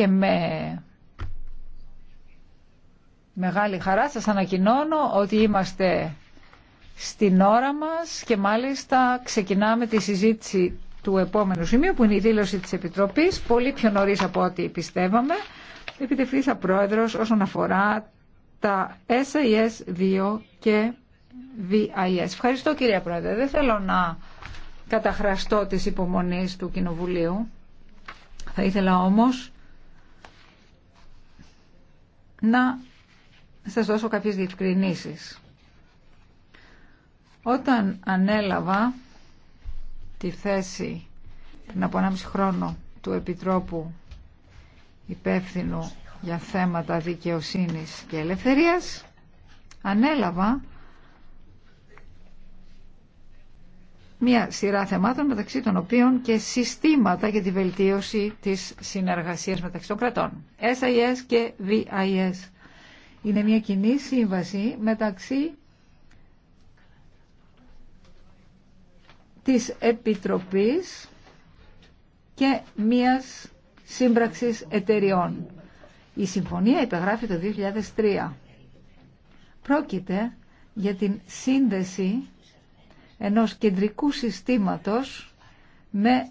και με μεγάλη χαρά σας ανακοινώνω ότι είμαστε στην ώρα μας και μάλιστα ξεκινάμε τη συζήτηση του επόμενου σημείου που είναι η δήλωση της Επιτροπής πολύ πιο νωρίς από ό,τι πιστεύαμε επιτευθύνθα πρόεδρος όσον αφορά τα SIS 2 και VIS. Ευχαριστώ κυρία Πρόεδρε. Δεν θέλω να καταχραστώ της υπομονής του Κοινοβουλίου. Θα ήθελα όμως να σας δώσω κάποιες διευκρινήσεις. Όταν ανέλαβα τη θέση πριν από 1,5 χρόνο του Επιτρόπου υπεύθυνου για θέματα δικαιοσύνης και ελευθερίας, ανέλαβα μία σειρά θεμάτων μεταξύ των οποίων και συστήματα για τη βελτίωση της συνεργασίας μεταξύ των κρατών. SIS και VIS. Είναι μια κοινή σύμβαση μεταξύ της Επιτροπής και μίας σύμπραξης εταιριών. Η συμφωνία υπεγράφει το 2003. Πρόκειται για την σύνδεση ενός κεντρικού συστήματος με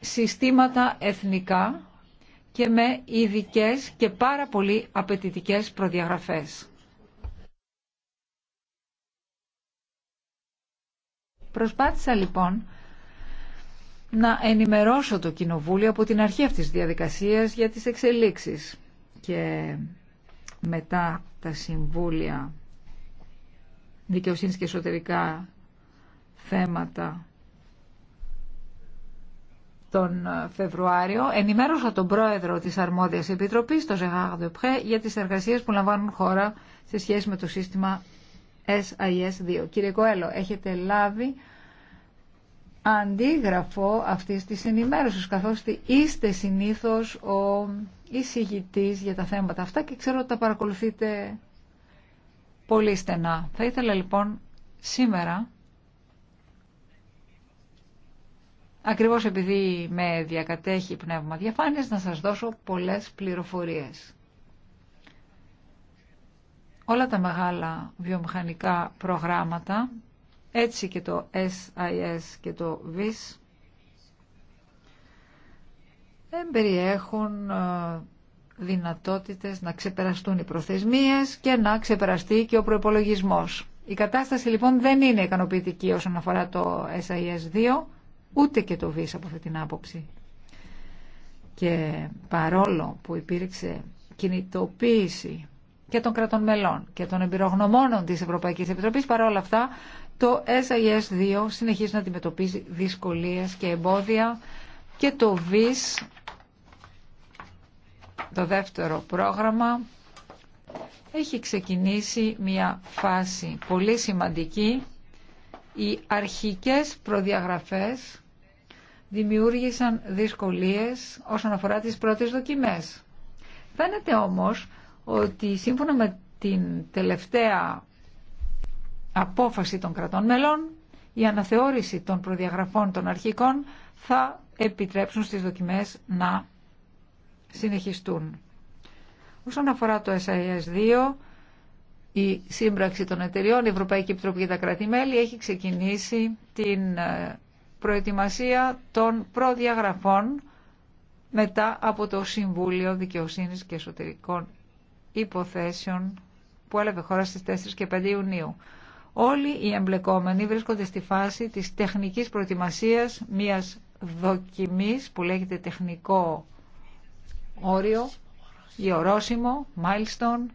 συστήματα εθνικά και με ειδικέ και πάρα πολύ απαιτητικέ προδιαγραφές. Προσπάθησα λοιπόν να ενημερώσω το Κοινοβούλιο από την αρχή αυτής της διαδικασίας για τις εξελίξεις και μετά τα Συμβούλια Δικαιοσύνης και Εσωτερικά θέματα τον ε, Φεβρουάριο, ενημέρωσα τον πρόεδρο της αρμόδιας επιτροπής, τον Ζεχάρ Ντεπρέ, για τις εργασίες που λαμβάνουν χώρα σε σχέση με το σύστημα SIS2. Κύριε Κοέλο, έχετε λάβει αντίγραφο αυτής της ενημέρωσης, καθώς είστε συνήθως ο εισηγητής για τα θέματα αυτά και ξέρω ότι τα παρακολουθείτε πολύ στενά. Θα ήθελα λοιπόν σήμερα ακριβώς επειδή με διακατέχει πνεύμα διαφάνειας, να σας δώσω πολλές πληροφορίες. Όλα τα μεγάλα βιομηχανικά προγράμματα, έτσι και το SIS και το VIS, περιέχουν ε, δυνατότητες να ξεπεραστούν οι προθεσμίες και να ξεπεραστεί και ο προϋπολογισμός. Η κατάσταση λοιπόν δεν είναι ικανοποιητική όσον αφορά το SIS 2 ούτε και το ΒΙΣ από αυτή την άποψη. Και παρόλο που υπήρξε κινητοποίηση και των κρατών μελών και των εμπειρογνωμόνων της Ευρωπαϊκής Επιτροπής, παρόλα αυτά το SIS 2 συνεχίζει να αντιμετωπίζει δυσκολίες και εμπόδια και το ΒΙΣ, το δεύτερο πρόγραμμα, έχει ξεκινήσει μια φάση πολύ σημαντική. Οι αρχικές προδιαγραφές δημιούργησαν δυσκολίες όσον αφορά τις πρώτες δοκιμές. Φαίνεται όμως ότι σύμφωνα με την τελευταία απόφαση των κρατών μελών, η αναθεώρηση των προδιαγραφών των αρχικών θα επιτρέψουν στις δοκιμές να συνεχιστούν. Όσον αφορά το SIS-2, η σύμπραξη των εταιριών, η Ευρωπαϊκή Επιτροπή για τα κρατη έχει ξεκινήσει την ε, προετοιμασία των προδιαγραφών μετά από το Συμβούλιο Δικαιοσύνης και Εσωτερικών Υποθέσεων που έλαβε χώρα στις 4 και 5 Ιουνίου. Όλοι οι εμπλεκόμενοι βρίσκονται στη φάση της τεχνικής προετοιμασίας μιας δοκιμής που λέγεται τεχνικό όριο ή ορόσημο, milestone,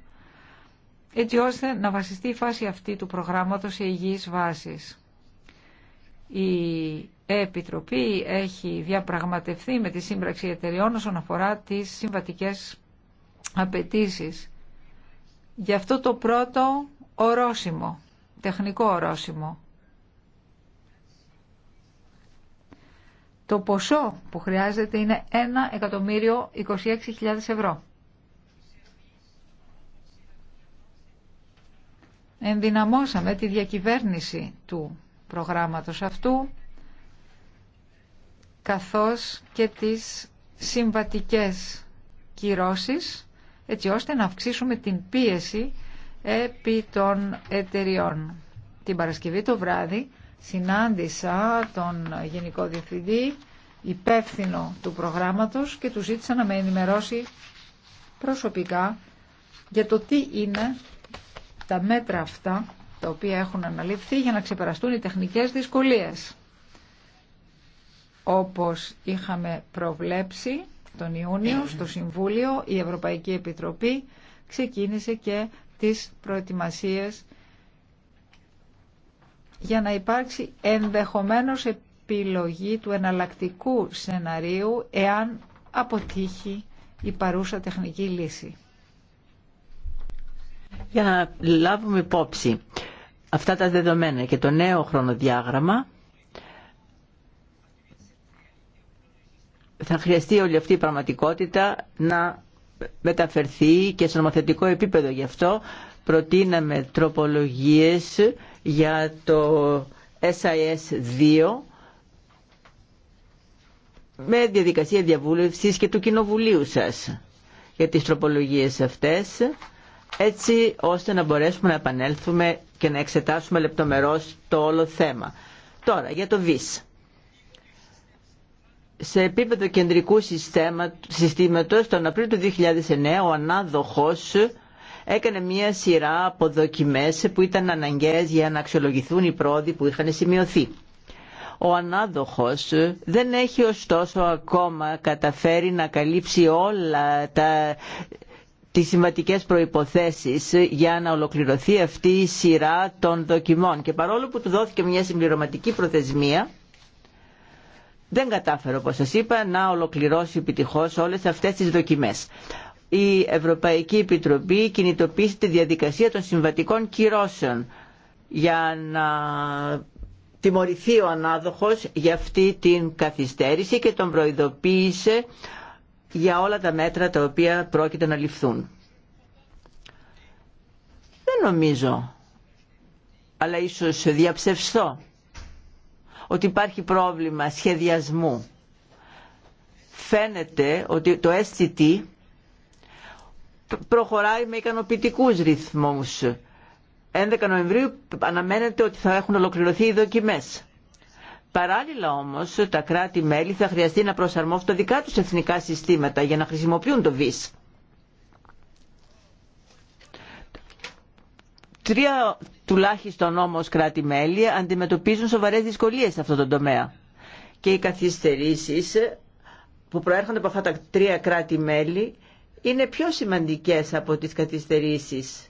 έτσι ώστε να βασιστεί η φάση αυτή του προγράμματος σε υγιείς βάσεις. Η Επιτροπή έχει διαπραγματευτεί με τη σύμπραξη εταιριών όσον αφορά τις συμβατικές απαιτήσει. Γι' αυτό το πρώτο ορόσημο, τεχνικό ορόσημο. Το ποσό που χρειάζεται είναι 1.026.000 ευρώ. Ενδυναμώσαμε τη διακυβέρνηση του προγράμματος αυτού καθώς και τις συμβατικές κυρώσεις έτσι ώστε να αυξήσουμε την πίεση επί των εταιριών. Την Παρασκευή το βράδυ συνάντησα τον Γενικό Διευθυντή υπεύθυνο του προγράμματος και του ζήτησα να με ενημερώσει προσωπικά για το τι είναι τα μέτρα αυτά τα οποία έχουν αναλυφθεί για να ξεπεραστούν οι τεχνικές δυσκολίες. Όπως είχαμε προβλέψει τον Ιούνιο στο Συμβούλιο, η Ευρωπαϊκή Επιτροπή ξεκίνησε και τις προετοιμασίες για να υπάρξει ενδεχομένως επιλογή του εναλλακτικού σεναρίου εάν αποτύχει η παρούσα τεχνική λύση. Για να λάβουμε υπόψη αυτά τα δεδομένα και το νέο χρονοδιάγραμμα θα χρειαστεί όλη αυτή η πραγματικότητα να μεταφερθεί και στο νομοθετικό επίπεδο. Γι' αυτό προτείναμε τροπολογίες για το SIS 2 με διαδικασία διαβούλευσης και του κοινοβουλίου σας για τις τροπολογίες αυτές έτσι ώστε να μπορέσουμε να επανέλθουμε και να εξετάσουμε λεπτομερώς το όλο θέμα. Τώρα, για το ΒΙΣ. Σε επίπεδο κεντρικού συστήματος, τον Απρίλιο του 2009, ο ανάδοχος έκανε μία σειρά από δοκιμές που ήταν αναγκαίες για να αξιολογηθούν οι πρόοδοι που είχαν σημειωθεί. Ο ανάδοχος δεν έχει ωστόσο ακόμα καταφέρει να καλύψει όλα τα τις συμβατικές προϋποθέσεις για να ολοκληρωθεί αυτή η σειρά των δοκιμών. Και παρόλο που του δόθηκε μια συμπληρωματική προθεσμία, δεν κατάφερε, όπως σας είπα, να ολοκληρώσει επιτυχώς όλες αυτές τις δοκιμές. Η Ευρωπαϊκή Επιτροπή κινητοποίησε τη διαδικασία των συμβατικών κυρώσεων για να τιμωρηθεί ο ανάδοχος για αυτή την καθυστέρηση και τον προειδοποίησε για όλα τα μέτρα τα οποία πρόκειται να ληφθούν. Δεν νομίζω, αλλά ίσως διαψευστώ, ότι υπάρχει πρόβλημα σχεδιασμού. Φαίνεται ότι το STT προχωράει με ικανοποιητικούς ρυθμούς. 11 Νοεμβρίου αναμένεται ότι θα έχουν ολοκληρωθεί οι δοκιμές. Παράλληλα όμως τα κράτη-μέλη θα χρειαστεί να προσαρμόσουν τα δικά τους εθνικά συστήματα για να χρησιμοποιούν το ΒΙΣ. Τρία τουλάχιστον όμως κράτη-μέλη αντιμετωπίζουν σοβαρές δυσκολίες σε αυτό το τομέα. Και οι καθυστερήσεις που προέρχονται από αυτά τα τρία κράτη-μέλη είναι πιο σημαντικές από τις καθυστερήσεις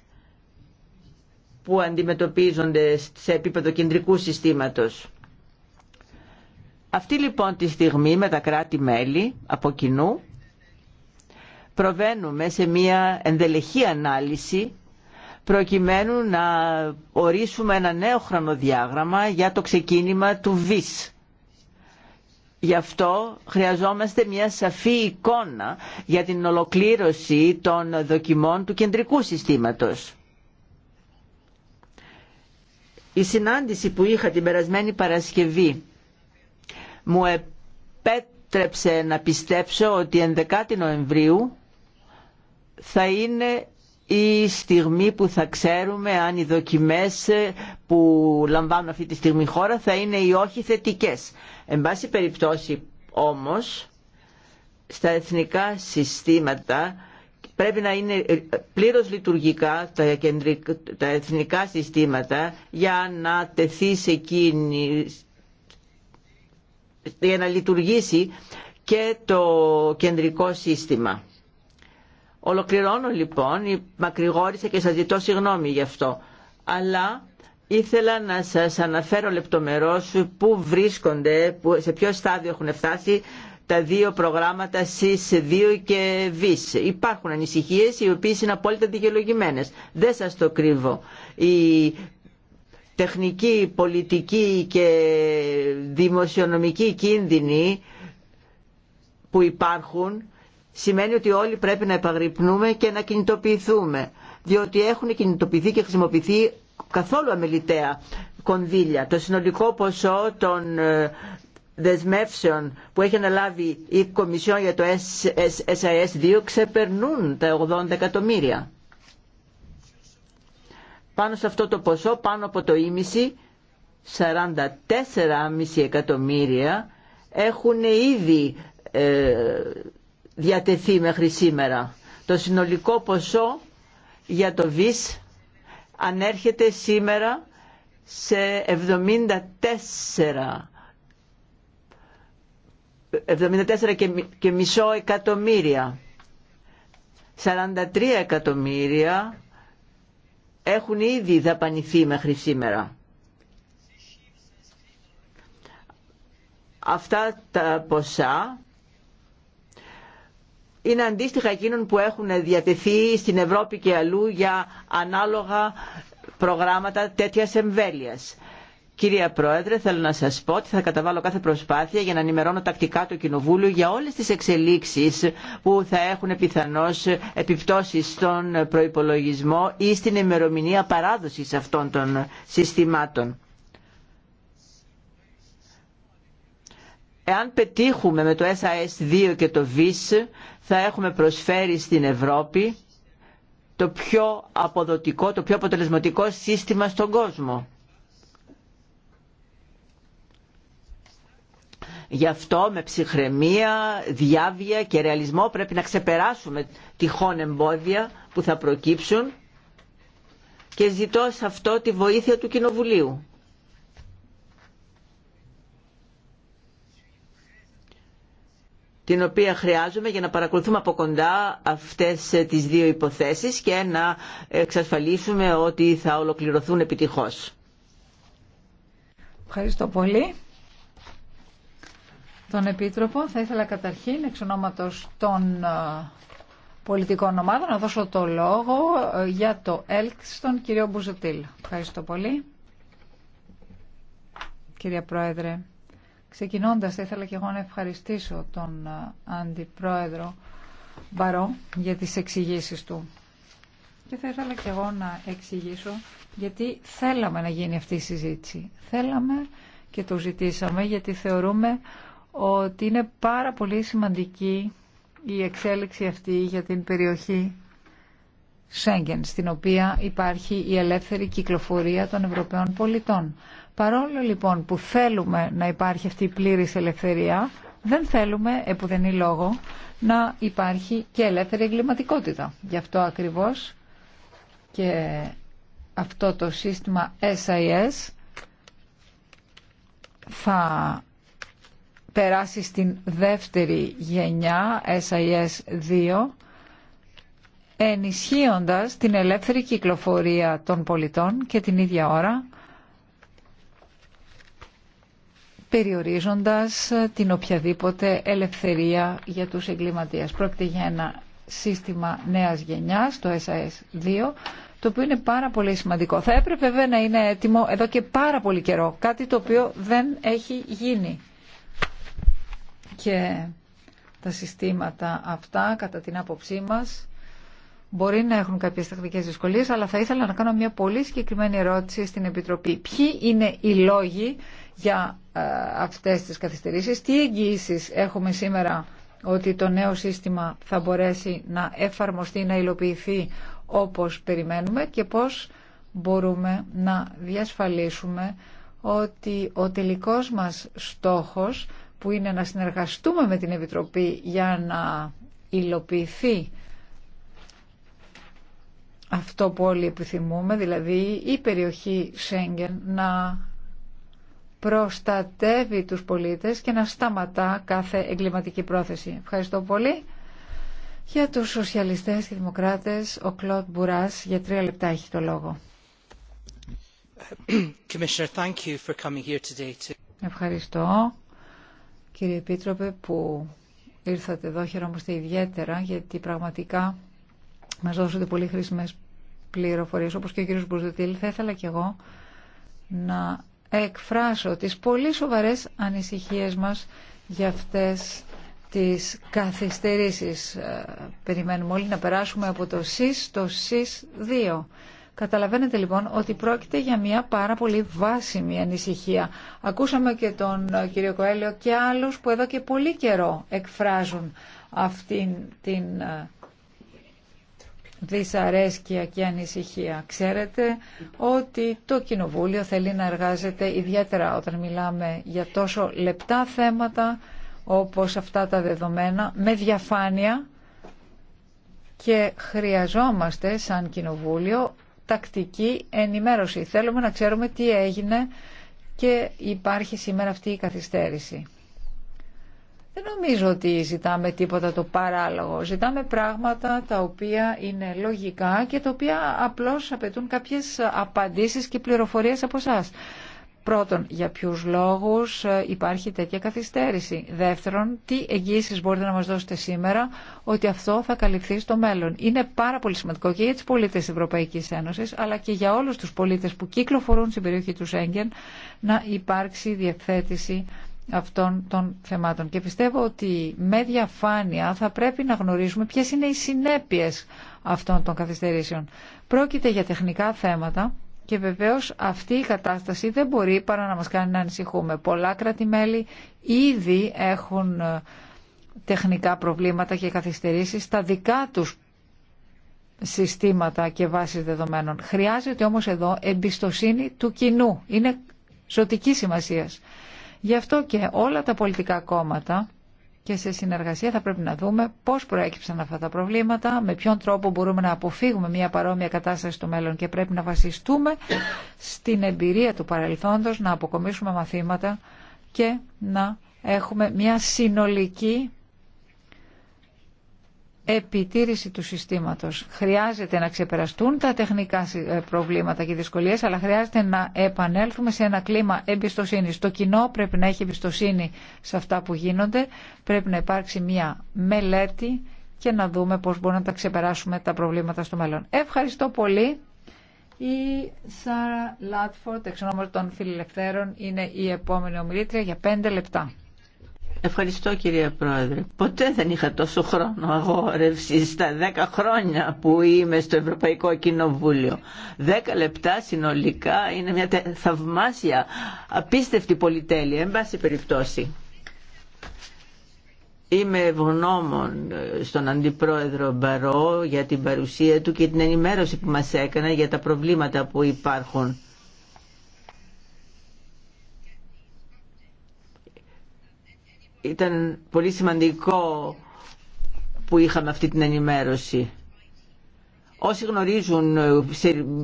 που αντιμετωπίζονται σε επίπεδο κεντρικού συστήματος. Αυτή λοιπόν τη στιγμή με τα κράτη-μέλη από κοινού προβαίνουμε σε μια ενδελεχή ανάλυση προκειμένου να ορίσουμε ένα νέο χρονοδιάγραμμα για το ξεκίνημα του ΒΙΣ. Γι' αυτό χρειαζόμαστε μια σαφή εικόνα για την ολοκλήρωση των δοκιμών του κεντρικού συστήματος. Η συνάντηση που είχα την περασμένη Παρασκευή μου επέτρεψε να πιστέψω ότι 11 Νοεμβρίου θα είναι η στιγμή που θα ξέρουμε αν οι δοκιμές που λαμβάνουν αυτή τη στιγμή χώρα θα είναι ή όχι θετικές. Εν πάση περιπτώσει όμως στα εθνικά συστήματα πρέπει να είναι πλήρως λειτουργικά τα, τα εθνικά συστήματα για να τεθεί σε, εκείνη για να λειτουργήσει και το κεντρικό σύστημα. Ολοκληρώνω λοιπόν, μακρηγόρησα και σας ζητώ συγγνώμη γι' αυτό, αλλά ήθελα να σας αναφέρω λεπτομερώς πού βρίσκονται, σε ποιο στάδιο έχουν φτάσει τα δύο προγράμματα ΣΥΣ2 και ΒΙΣ. Υπάρχουν ανησυχίες οι οποίες είναι απόλυτα δικαιολογημένες. Δεν σας το κρύβω. Η τεχνική, πολιτική και δημοσιονομική κίνδυνη που υπάρχουν σημαίνει ότι όλοι πρέπει να επαγρυπνούμε και να κινητοποιηθούμε διότι έχουν κινητοποιηθεί και χρησιμοποιηθεί καθόλου αμεληταία κονδύλια. Το συνολικό ποσό των ε, δεσμεύσεων που έχει αναλάβει η Κομισιόν για το SIS2 ξεπερνούν τα 80 εκατομμύρια πάνω σε αυτό το ποσό, πάνω από το ίμιση, 44,5 εκατομμύρια έχουν ήδη ε, διατεθεί μέχρι σήμερα. Το συνολικό ποσό για το ΒΙΣ ανέρχεται σήμερα σε 74 74 μισό εκατομμύρια. 43 εκατομμύρια έχουν ήδη δαπανηθεί μέχρι σήμερα. Αυτά τα ποσά είναι αντίστοιχα εκείνων που έχουν διατεθεί στην Ευρώπη και αλλού για ανάλογα προγράμματα τέτοιας εμβέλειας. Κυρία Πρόεδρε, θέλω να σας πω ότι θα καταβάλω κάθε προσπάθεια για να ενημερώνω τακτικά το Κοινοβούλιο για όλες τις εξελίξεις που θα έχουν πιθανώς επιπτώσεις στον προϋπολογισμό ή στην ημερομηνία παράδοσης αυτών των συστημάτων. Εάν πετύχουμε με το SAS2 και το VIS θα έχουμε προσφέρει στην Ευρώπη το πιο αποδοτικό, το πιο αποτελεσματικό σύστημα στον κόσμο. Γι' αυτό με ψυχραιμία, διάβια και ρεαλισμό πρέπει να ξεπεράσουμε τυχόν εμπόδια που θα προκύψουν και ζητώ σε αυτό τη βοήθεια του Κοινοβουλίου. την οποία χρειάζομαι για να παρακολουθούμε από κοντά αυτές τις δύο υποθέσεις και να εξασφαλίσουμε ότι θα ολοκληρωθούν επιτυχώς. Ευχαριστώ πολύ τον Επίτροπο. Θα ήθελα καταρχήν, εξ ονόματος των ε, πολιτικών ομάδων, να δώσω το λόγο ε, για το ΕΛΚ στον κύριο Μπουζουτήλ. Ευχαριστώ πολύ. Κυρία Πρόεδρε, ξεκινώντας θα ήθελα και εγώ να ευχαριστήσω τον ε, Αντιπρόεδρο Μπαρό για τις εξηγήσει του. Και θα ήθελα και εγώ να εξηγήσω γιατί θέλαμε να γίνει αυτή η συζήτηση. Θέλαμε και το ζητήσαμε γιατί θεωρούμε ότι είναι πάρα πολύ σημαντική η εξέλιξη αυτή για την περιοχή Σέγγεν, στην οποία υπάρχει η ελεύθερη κυκλοφορία των Ευρωπαίων πολιτών. Παρόλο λοιπόν που θέλουμε να υπάρχει αυτή η πλήρης ελευθερία, δεν θέλουμε, επουδενή λόγο, να υπάρχει και ελεύθερη εγκληματικότητα. Γι' αυτό ακριβώς και αυτό το σύστημα SIS θα περάσει στην δεύτερη γενιά SIS 2 ενισχύοντας την ελεύθερη κυκλοφορία των πολιτών και την ίδια ώρα περιορίζοντας την οποιαδήποτε ελευθερία για τους εγκληματίες. Πρόκειται για ένα σύστημα νέας γενιάς, το SIS-2, το οποίο είναι πάρα πολύ σημαντικό. Θα έπρεπε βέβαια να είναι έτοιμο εδώ και πάρα πολύ καιρό, κάτι το οποίο δεν έχει γίνει και τα συστήματα αυτά, κατά την άποψή μας, μπορεί να έχουν κάποιες τεχνικές δυσκολίες, αλλά θα ήθελα να κάνω μια πολύ συγκεκριμένη ερώτηση στην Επιτροπή. Ποιοι είναι οι λόγοι για ε, αυτές τις καθυστερήσεις, τι εγγυήσεις έχουμε σήμερα ότι το νέο σύστημα θα μπορέσει να εφαρμοστεί, να υλοποιηθεί όπως περιμένουμε και πώς μπορούμε να διασφαλίσουμε ότι ο τελικός μας στόχος που είναι να συνεργαστούμε με την Επιτροπή για να υλοποιηθεί αυτό που όλοι επιθυμούμε, δηλαδή η περιοχή Σέγγεν να προστατεύει τους πολίτες και να σταματά κάθε εγκληματική πρόθεση. Ευχαριστώ πολύ. Για τους σοσιαλιστές και δημοκράτες, ο Κλοντ Μπουράς για τρία λεπτά έχει το λόγο. Ευχαριστώ κύριε Επίτροπε που ήρθατε εδώ. Χαιρόμαστε ιδιαίτερα γιατί πραγματικά μας δώσατε πολύ χρήσιμες πληροφορίες όπως και ο κύριος Μπουζουτήλ. Θα ήθελα και εγώ να εκφράσω τις πολύ σοβαρές ανησυχίες μας για αυτές τις καθυστερήσεις. Ε, περιμένουμε όλοι να περάσουμε από το ΣΥΣ στο ΣΥΣ 2. Καταλαβαίνετε λοιπόν ότι πρόκειται για μια πάρα πολύ βάσιμη ανησυχία. Ακούσαμε και τον ε, κύριο Κοέλιο και άλλους που εδώ και πολύ καιρό εκφράζουν αυτήν την ε, δυσαρέσκεια και ανησυχία. Ξέρετε ότι το Κοινοβούλιο θέλει να εργάζεται ιδιαίτερα όταν μιλάμε για τόσο λεπτά θέματα όπως αυτά τα δεδομένα με διαφάνεια και χρειαζόμαστε σαν Κοινοβούλιο τακτική ενημέρωση. Θέλουμε να ξέρουμε τι έγινε και υπάρχει σήμερα αυτή η καθυστέρηση. Δεν νομίζω ότι ζητάμε τίποτα το παράλογο. Ζητάμε πράγματα τα οποία είναι λογικά και τα οποία απλώς απαιτούν κάποιες απαντήσεις και πληροφορίες από εσά. Πρώτον, για ποιου λόγου ε, υπάρχει τέτοια καθυστέρηση. Δεύτερον, τι εγγύσει μπορείτε να μα δώσετε σήμερα ότι αυτό θα καλυφθεί στο μέλλον. Είναι πάρα πολύ σημαντικό και για του πολίτε τη Ευρωπαϊκής Ένωσης, αλλά και για όλου του πολίτε που κυκλοφορούν στην περιοχή του Σέγγεν να υπάρξει διευθέτηση αυτών των θεμάτων. Και πιστεύω ότι με διαφάνεια θα πρέπει να γνωρίζουμε ποιες είναι οι συνέπειες αυτών των καθυστερήσεων. Πρόκειται για τεχνικά θέματα και βεβαίω αυτή η κατάσταση δεν μπορεί παρά να μας κάνει να ανησυχούμε. Πολλά κράτη-μέλη ήδη έχουν ε, τεχνικά προβλήματα και καθυστερήσεις στα δικά τους συστήματα και βάσεις δεδομένων. Χρειάζεται όμως εδώ εμπιστοσύνη του κοινού. Είναι ζωτική σημασίας. Γι' αυτό και όλα τα πολιτικά κόμματα και σε συνεργασία θα πρέπει να δούμε πώς προέκυψαν αυτά τα προβλήματα, με ποιον τρόπο μπορούμε να αποφύγουμε μια παρόμοια κατάσταση στο μέλλον και πρέπει να βασιστούμε στην εμπειρία του παρελθόντος, να αποκομίσουμε μαθήματα και να έχουμε μια συνολική επιτήρηση του συστήματος. Χρειάζεται να ξεπεραστούν τα τεχνικά ε, προβλήματα και δυσκολίες, αλλά χρειάζεται να επανέλθουμε σε ένα κλίμα εμπιστοσύνης. Το κοινό πρέπει να έχει εμπιστοσύνη σε αυτά που γίνονται, πρέπει να υπάρξει μια μελέτη και να δούμε πώς μπορούμε να τα ξεπεράσουμε τα προβλήματα στο μέλλον. Ευχαριστώ πολύ. Η Σάρα Λάτφορτ, εξ των φιλελευθέρων, είναι η επόμενη ομιλήτρια για πέντε λεπτά. Ευχαριστώ κυρία Πρόεδρε. Ποτέ δεν είχα τόσο χρόνο αγόρευση στα δέκα χρόνια που είμαι στο Ευρωπαϊκό Κοινοβούλιο. Δέκα λεπτά συνολικά είναι μια θαυμάσια, απίστευτη πολυτέλεια, εν πάση περιπτώσει. Είμαι ευγνώμων ε, στον Αντιπρόεδρο Μπαρό για την παρουσία του και την ενημέρωση που μας έκανα για τα προβλήματα που υπάρχουν Ήταν πολύ σημαντικό που είχαμε αυτή την ενημέρωση. Όσοι γνωρίζουν ε,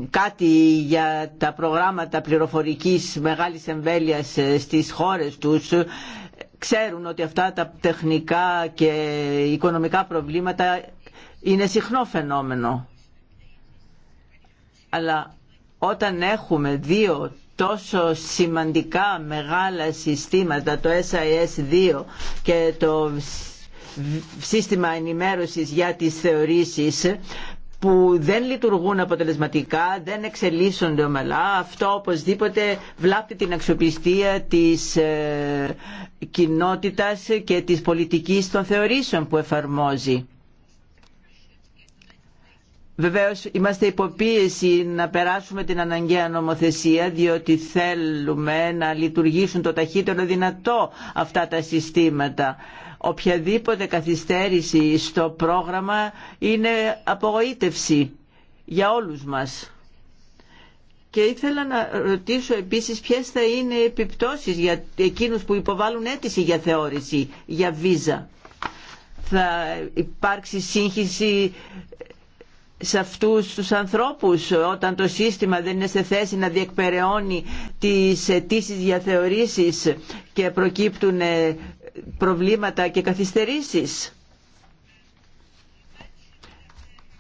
κάτι για τα προγράμματα πληροφορικής μεγάλης εμβέλειας ε, στις χώρες τους, ε, ξέρουν ότι αυτά τα τεχνικά και οικονομικά προβλήματα είναι συχνό φαινόμενο. Αλλά όταν έχουμε δύο τόσο σημαντικά μεγάλα συστήματα, το SIS2 και το σύστημα ενημέρωσης για τις θεωρήσεις που δεν λειτουργούν αποτελεσματικά, δεν εξελίσσονται ομαλά. Αυτό οπωσδήποτε βλάπτει την αξιοπιστία της ε, κοινότητας και της πολιτικής των θεωρήσεων που εφαρμόζει. Βεβαίω, είμαστε υποπίεση να περάσουμε την αναγκαία νομοθεσία διότι θέλουμε να λειτουργήσουν το ταχύτερο δυνατό αυτά τα συστήματα. Οποιαδήποτε καθυστέρηση στο πρόγραμμα είναι απογοήτευση για όλους μας. Και ήθελα να ρωτήσω επίσης ποιες θα είναι οι επιπτώσεις για εκείνους που υποβάλλουν αίτηση για θεώρηση, για βίζα. Θα υπάρξει σύγχυση σε αυτούς τους ανθρώπους όταν το σύστημα δεν είναι σε θέση να διεκπεραιώνει τις αιτήσει διαθεωρήσεις και προκύπτουν ε, προβλήματα και καθυστερήσεις.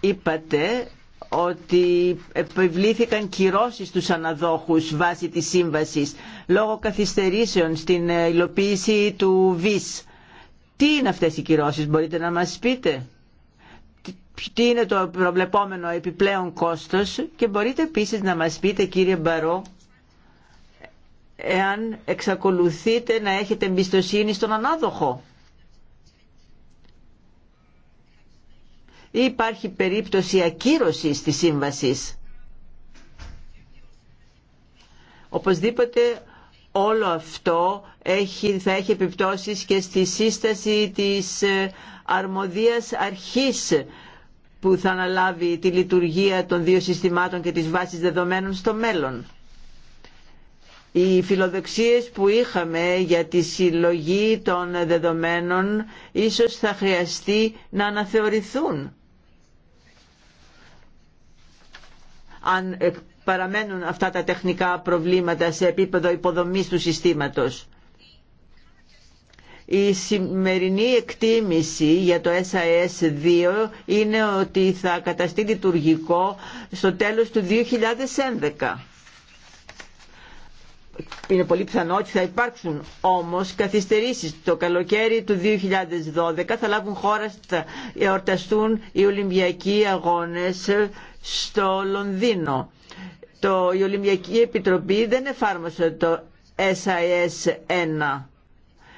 Είπατε ότι επιβλήθηκαν κυρώσεις στους αναδόχους βάσει της σύμβασης λόγω καθυστερήσεων στην ε, υλοποίηση του ΒΙΣ. Τι είναι αυτές οι κυρώσεις, μπορείτε να μας πείτε τι είναι το προβλεπόμενο επιπλέον κόστος και μπορείτε επίσης να μας πείτε κύριε Μπαρό εάν εξακολουθείτε να έχετε εμπιστοσύνη στον ανάδοχο. Ή υπάρχει περίπτωση ακύρωσης της σύμβασης. Οπωσδήποτε όλο αυτό έχει, θα έχει επιπτώσεις και στη σύσταση της ε, αρμοδίας αρχής που θα αναλάβει τη λειτουργία των δύο συστημάτων και της βάσης δεδομένων στο μέλλον. Οι φιλοδοξίες που είχαμε για τη συλλογή των δεδομένων ίσως θα χρειαστεί να αναθεωρηθούν. Αν ε, παραμένουν αυτά τα τεχνικά προβλήματα σε επίπεδο υποδομής του συστήματος. Η σημερινή εκτίμηση για το SAS2 είναι ότι θα καταστεί λειτουργικό στο τέλος του 2011. Είναι πολύ πιθανό ότι θα υπάρξουν όμως καθυστερήσεις. Το καλοκαίρι του 2012 θα λάβουν χώρα, θα εορταστούν οι Ολυμπιακοί Αγώνες στο Λονδίνο. Το, η Ολυμπιακή Επιτροπή δεν εφάρμοσε το SIS 1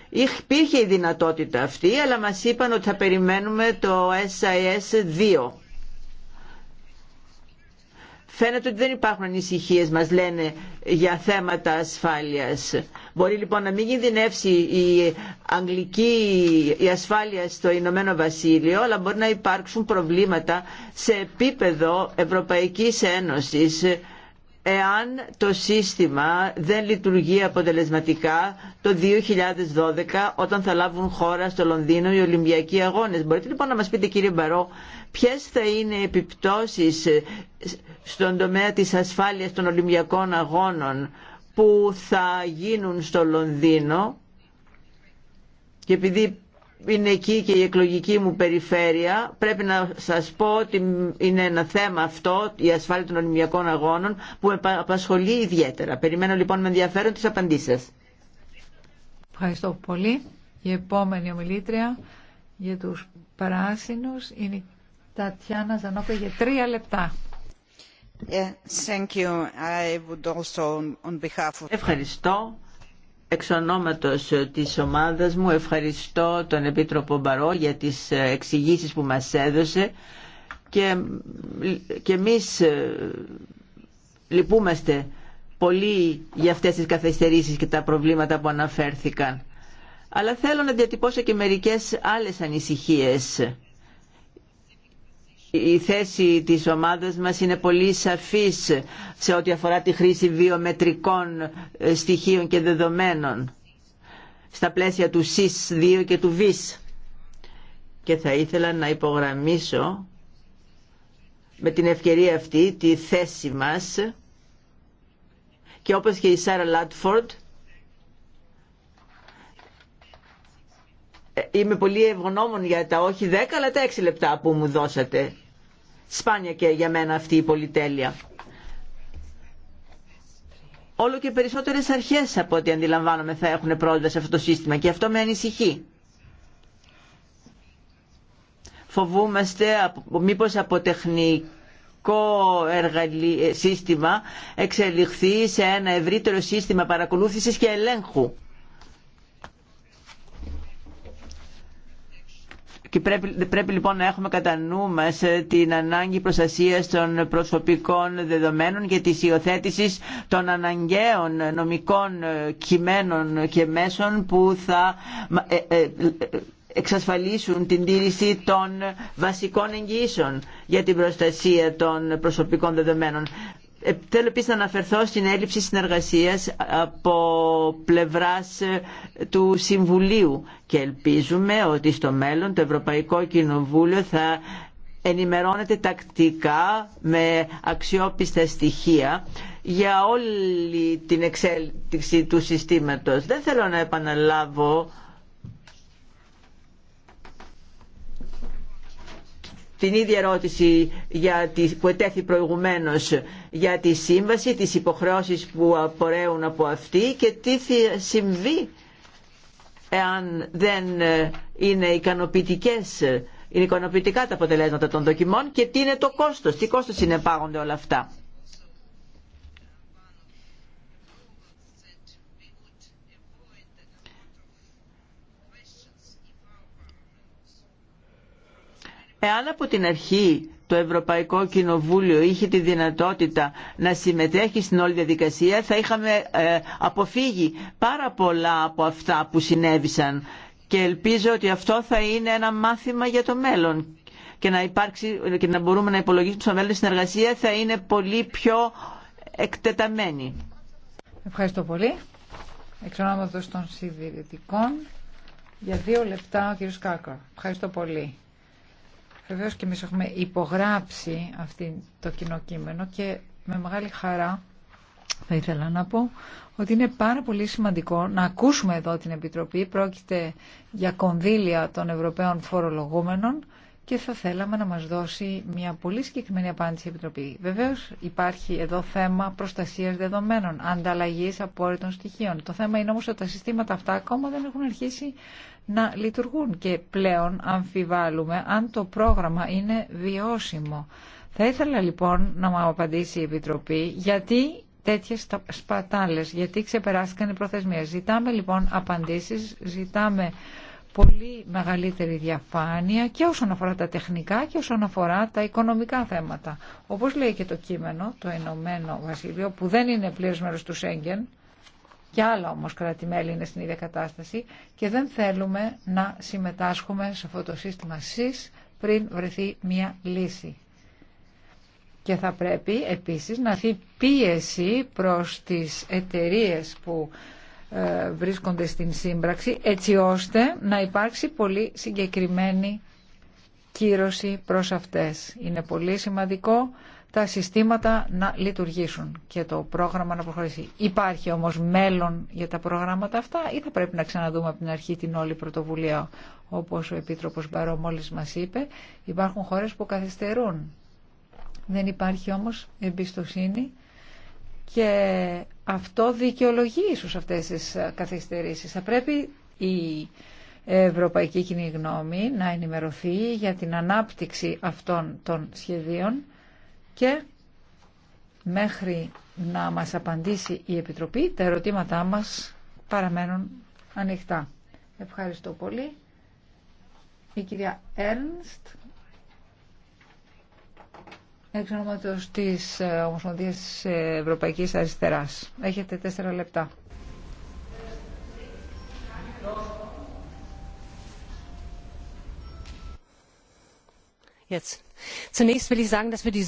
Υπήρχε η δυνατότητα αυτή, αλλά μας είπαν ότι θα περιμένουμε το SIS 2. Φαίνεται ότι δεν υπάρχουν ανησυχίε, μα λένε, για θέματα ασφάλεια. Μπορεί λοιπόν να μην κινδυνεύσει η αγγλική η ασφάλεια στο Ηνωμένο Βασίλειο, αλλά μπορεί να υπάρξουν προβλήματα σε επίπεδο Ευρωπαϊκή Ένωση εάν το σύστημα δεν λειτουργεί αποτελεσματικά το 2012 όταν θα λάβουν χώρα στο Λονδίνο οι Ολυμπιακοί Αγώνες. Μπορείτε λοιπόν να μας πείτε κύριε Μπαρό ποιες θα είναι οι επιπτώσεις στον τομέα της ασφάλειας των Ολυμπιακών Αγώνων που θα γίνουν στο Λονδίνο και επειδή είναι εκεί και η εκλογική μου περιφέρεια. Πρέπει να σας πω ότι είναι ένα θέμα αυτό, η ασφάλεια των Ολυμπιακών Αγώνων, που απασχολεί ιδιαίτερα. Περιμένω λοιπόν με ενδιαφέρον τις απαντήσεις σας. Ευχαριστώ πολύ. Η επόμενη ομιλήτρια για τους πράσινους είναι η Τατιάνα Ζανόπε για τρία λεπτά. thank you. I would also on behalf of... Ευχαριστώ. Εξ ονόματος ε, της ομάδας μου ευχαριστώ τον Επίτροπο Μπαρό για τις ε, εξηγήσεις που μας έδωσε και, και εμείς ε, λυπούμαστε πολύ για αυτές τις καθυστερήσεις και τα προβλήματα που αναφέρθηκαν. Αλλά θέλω να διατυπώσω και μερικές άλλες ανησυχίες η θέση της ομάδας μας είναι πολύ σαφής σε ό,τι αφορά τη χρήση βιομετρικών ε, στοιχείων και δεδομένων στα πλαίσια του ΣΥΣ 2 και του ΒΙΣ. Και θα ήθελα να υπογραμμίσω με την ευκαιρία αυτή τη θέση μας και όπως και η Σάρα Λάτφορντ Είμαι πολύ ευγνώμων για τα όχι 10 αλλά τα 6 λεπτά που μου δώσατε. Σπάνια και για μένα αυτή η πολυτέλεια. Όλο και περισσότερες αρχές από ό,τι αντιλαμβάνομαι θα έχουν πρόσβαση σε αυτό το σύστημα και αυτό με ανησυχεί. Φοβούμαστε μήπως από τεχνικό εργαλείο, σύστημα εξελιχθεί σε ένα ευρύτερο σύστημα παρακολούθησης και ελέγχου. Και πρέπει, πρέπει λοιπόν να έχουμε κατά νου μας ε, την ανάγκη προστασίας των προσωπικών δεδομένων και της υιοθέτηση των αναγκαίων νομικών ε, κειμένων και μέσων που θα ε, εξασφαλίσουν την τήρηση των βασικών εγγύσεων για την προστασία των προσωπικών δεδομένων. Ε, θέλω επίσης να αναφερθώ στην έλλειψη συνεργασίας από πλευράς ε, του Συμβουλίου και ελπίζουμε ότι στο μέλλον το Ευρωπαϊκό Κοινοβούλιο θα ενημερώνεται τακτικά με αξιόπιστα στοιχεία για όλη την εξέλιξη του συστήματος. Δεν θέλω να επαναλάβω την ίδια ερώτηση για που ετέθη προηγουμένως για τη σύμβαση, τις υποχρεώσεις που απορρέουν από αυτή και τι θα συμβεί εάν δεν ε, είναι ικανοποιητικές είναι ικανοποιητικά τα αποτελέσματα των δοκιμών και τι είναι το κόστος, τι κόστος πάγονται όλα αυτά. Εάν από την αρχή το Ευρωπαϊκό Κοινοβούλιο είχε τη δυνατότητα να συμμετέχει στην όλη διαδικασία θα είχαμε ε, αποφύγει πάρα πολλά από αυτά που συνέβησαν και ελπίζω ότι αυτό θα είναι ένα μάθημα για το μέλλον και να, υπάρξει, και να μπορούμε να υπολογίσουμε στο μέλλον συνεργασία θα είναι πολύ πιο εκτεταμένη. Ευχαριστώ πολύ. Εξ των για δύο λεπτά ο Ευχαριστώ πολύ. Βεβαίως και εμείς έχουμε υπογράψει αυτή το κοινό κείμενο και με μεγάλη χαρά θα ήθελα να πω ότι είναι πάρα πολύ σημαντικό να ακούσουμε εδώ την Επιτροπή. Πρόκειται για κονδύλια των Ευρωπαίων φορολογούμενων και θα θέλαμε να μας δώσει μια πολύ συγκεκριμένη απάντηση η Επιτροπή. Βεβαίως υπάρχει εδώ θέμα προστασίας δεδομένων, ανταλλαγής απόρριτων στοιχείων. Το θέμα είναι όμως ότι τα συστήματα αυτά ακόμα δεν έχουν αρχίσει να λειτουργούν και πλέον αμφιβάλλουμε αν το πρόγραμμα είναι βιώσιμο. Θα ήθελα λοιπόν να μου απαντήσει η Επιτροπή γιατί τέτοιες σπατάλες, γιατί ξεπεράστηκαν οι προθεσμίες. Ζητάμε λοιπόν απαντήσεις, ζητάμε πολύ μεγαλύτερη διαφάνεια και όσον αφορά τα τεχνικά και όσον αφορά τα οικονομικά θέματα. Όπως λέει και το κείμενο, το Ενωμένο Βασίλειο, που δεν είναι πλήρως μέρος του Σέγγεν, και άλλα όμως κράτη-μέλη είναι στην ίδια κατάσταση και δεν θέλουμε να συμμετάσχουμε σε αυτό το σύστημα ΣΥΣ πριν βρεθεί μια λύση. Και θα πρέπει επίσης να δει πίεση προς τις εταιρείες που ε, βρίσκονται στην σύμπραξη έτσι ώστε να υπάρξει πολύ συγκεκριμένη κύρωση προς αυτές. Είναι πολύ σημαντικό τα συστήματα να λειτουργήσουν και το πρόγραμμα να προχωρήσει. Υπάρχει όμως μέλλον για τα προγράμματα αυτά ή θα πρέπει να ξαναδούμε από την αρχή την όλη πρωτοβουλία όπως ο Επίτροπος Μπαρό μόλις μας είπε. Υπάρχουν χώρες που καθυστερούν. Δεν υπάρχει όμως εμπιστοσύνη και αυτό δικαιολογεί ίσως αυτές τις ε, καθυστερήσεις. Θα πρέπει η ευρωπαϊκή κοινή γνώμη να ενημερωθεί για την ανάπτυξη αυτών των σχεδίων και μέχρι να μας απαντήσει η Επιτροπή τα ερωτήματά μας παραμένουν ανοιχτά. Ευχαριστώ πολύ. Η κυρία Έρνστ. Εξ ονόματος της ε, Ομοσπονδίας Ευρωπαϊκής Αριστεράς. Έχετε τέσσερα λεπτά.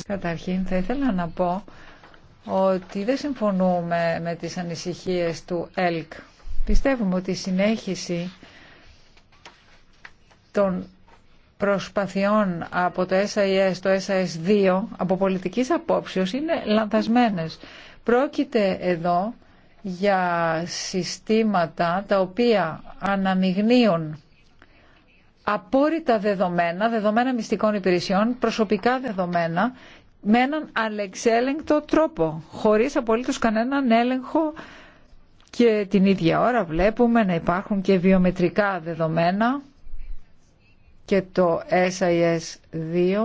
Καταρχήν θα ήθελα να πω ότι δεν συμφωνούμε με τις ανησυχίες του ΕΛΚ. Πιστεύουμε ότι η συνέχιση των προσπαθειών από το SIS, το SIS2, από πολιτικής απόψεως, είναι λανθασμένες. Πρόκειται εδώ για συστήματα τα οποία αναμειγνύουν απόρριτα δεδομένα, δεδομένα μυστικών υπηρεσιών, προσωπικά δεδομένα, με έναν αλεξέλεγκτο τρόπο, χωρίς απολύτως κανέναν έλεγχο και την ίδια ώρα βλέπουμε να υπάρχουν και βιομετρικά δεδομένα και το SIS-2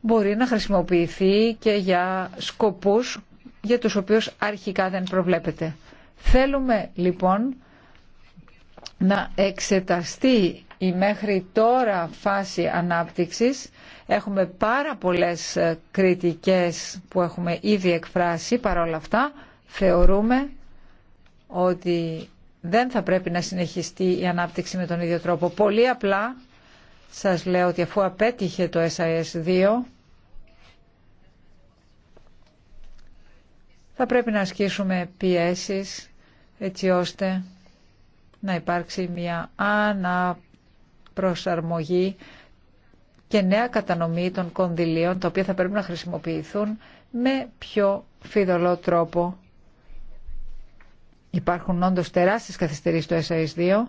μπορεί να χρησιμοποιηθεί και για σκοπούς για τους οποίους αρχικά δεν προβλέπεται. Θέλουμε λοιπόν να εξεταστεί η μέχρι τώρα φάση ανάπτυξης. Έχουμε πάρα πολλές ε, κριτικές που έχουμε ήδη εκφράσει. Παρ' όλα αυτά θεωρούμε ότι δεν θα πρέπει να συνεχιστεί η ανάπτυξη με τον ίδιο τρόπο. Πολύ απλά σας λέω ότι αφού απέτυχε το SIS-2, θα πρέπει να ασκήσουμε πιέσεις έτσι ώστε να υπάρξει μια αναπροσαρμογή και νέα κατανομή των κονδυλίων, τα οποία θα πρέπει να χρησιμοποιηθούν με πιο φιδωλό τρόπο. Υπάρχουν όντως τεράστιες καθυστερήσεις στο SIS2,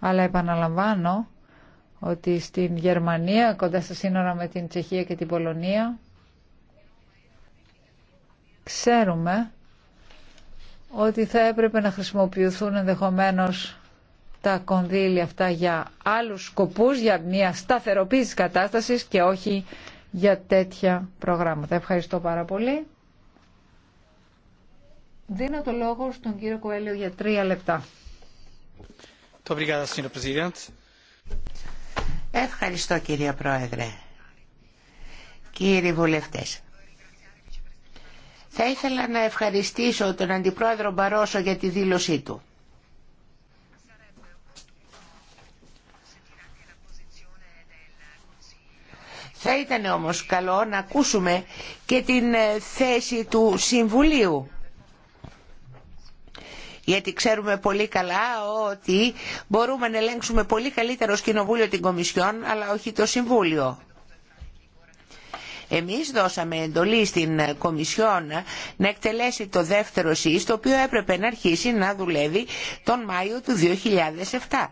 αλλά επαναλαμβάνω ότι στην Γερμανία, κοντά στα σύνορα με την Τσεχία και την Πολωνία, ξέρουμε ότι θα έπρεπε να χρησιμοποιηθούν ενδεχομένως τα κονδύλια αυτά για άλλους σκοπούς, για μια σταθεροποίηση κατάστασης και όχι για τέτοια προγράμματα. Ευχαριστώ πάρα πολύ. Δίνω το λόγο στον κύριο Κοέλιο για τρία λεπτά. Ευχαριστώ κύριε Πρόεδρε. Κύριοι βουλευτές. Θα ήθελα να ευχαριστήσω τον Αντιπρόεδρο Μπαρόσο για τη δήλωσή του. Θα ήταν όμως καλό να ακούσουμε και την ε, θέση του Συμβουλίου γιατί ξέρουμε πολύ καλά ότι μπορούμε να ελέγξουμε πολύ καλύτερο Κοινοβούλιο την Κομισιόν αλλά όχι το Συμβούλιο. Εμείς δώσαμε εντολή στην Κομισιόν να εκτελέσει το δεύτερο ΣΥΣ το οποίο έπρεπε να αρχίσει να δουλεύει τον Μάιο του 2007.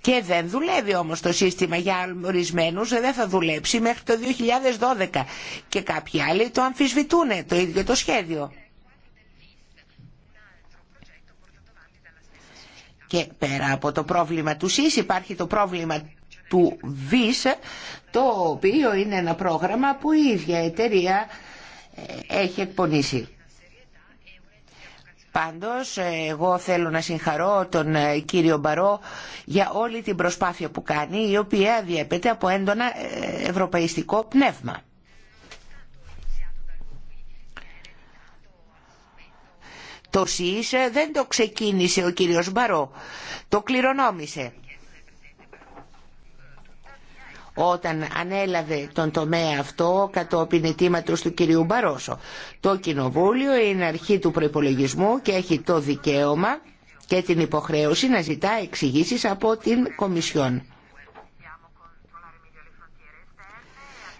Και δεν δουλεύει όμως το σύστημα για ορισμένου, δεν θα δουλέψει μέχρι το 2012 και κάποιοι άλλοι το αμφισβητούν το ίδιο το σχέδιο. Και πέρα από το πρόβλημα του ΣΥΣ υπάρχει το πρόβλημα του ΒΙΣ, το οποίο είναι ένα πρόγραμμα που η ίδια εταιρεία ε, έχει εκπονήσει. Πάντως, ε, εγώ θέλω να συγχαρώ τον ε, κύριο Μπαρό για όλη την προσπάθεια που κάνει, η οποία διέπεται από έντονα ευρωπαϊστικό πνεύμα. Το ΣΥΣ δεν το ξεκίνησε ο κύριος Μπαρό, το κληρονόμησε. Όταν ανέλαβε τον τομέα αυτό κατόπιν ετήματος του κυρίου Μπαρόσο. Το Κοινοβούλιο είναι αρχή του προϋπολογισμού και έχει το δικαίωμα και την υποχρέωση να ζητά εξηγήσεις από την Κομισιόν.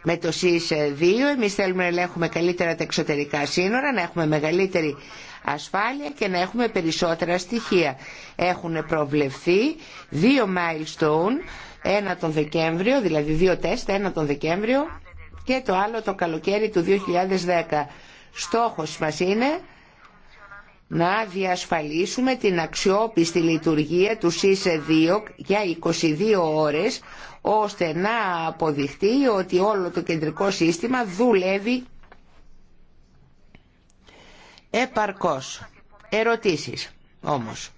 Με το ΣΥΣ 2 εμείς θέλουμε να ελέγχουμε καλύτερα τα εξωτερικά σύνορα, να έχουμε μεγαλύτερη ασφάλεια και να έχουμε περισσότερα στοιχεία. Έχουν προβλεφθεί δύο milestone, ένα τον Δεκέμβριο, δηλαδή δύο τεστ, ένα τον Δεκέμβριο και το άλλο το καλοκαίρι του 2010. Στόχος μας είναι να διασφαλίσουμε την αξιόπιστη λειτουργία του ΣΥΣΕ 2 για 22 ώρες ώστε να αποδειχτεί ότι όλο το κεντρικό σύστημα δουλεύει επαρκώς. Ερωτήσεις όμως.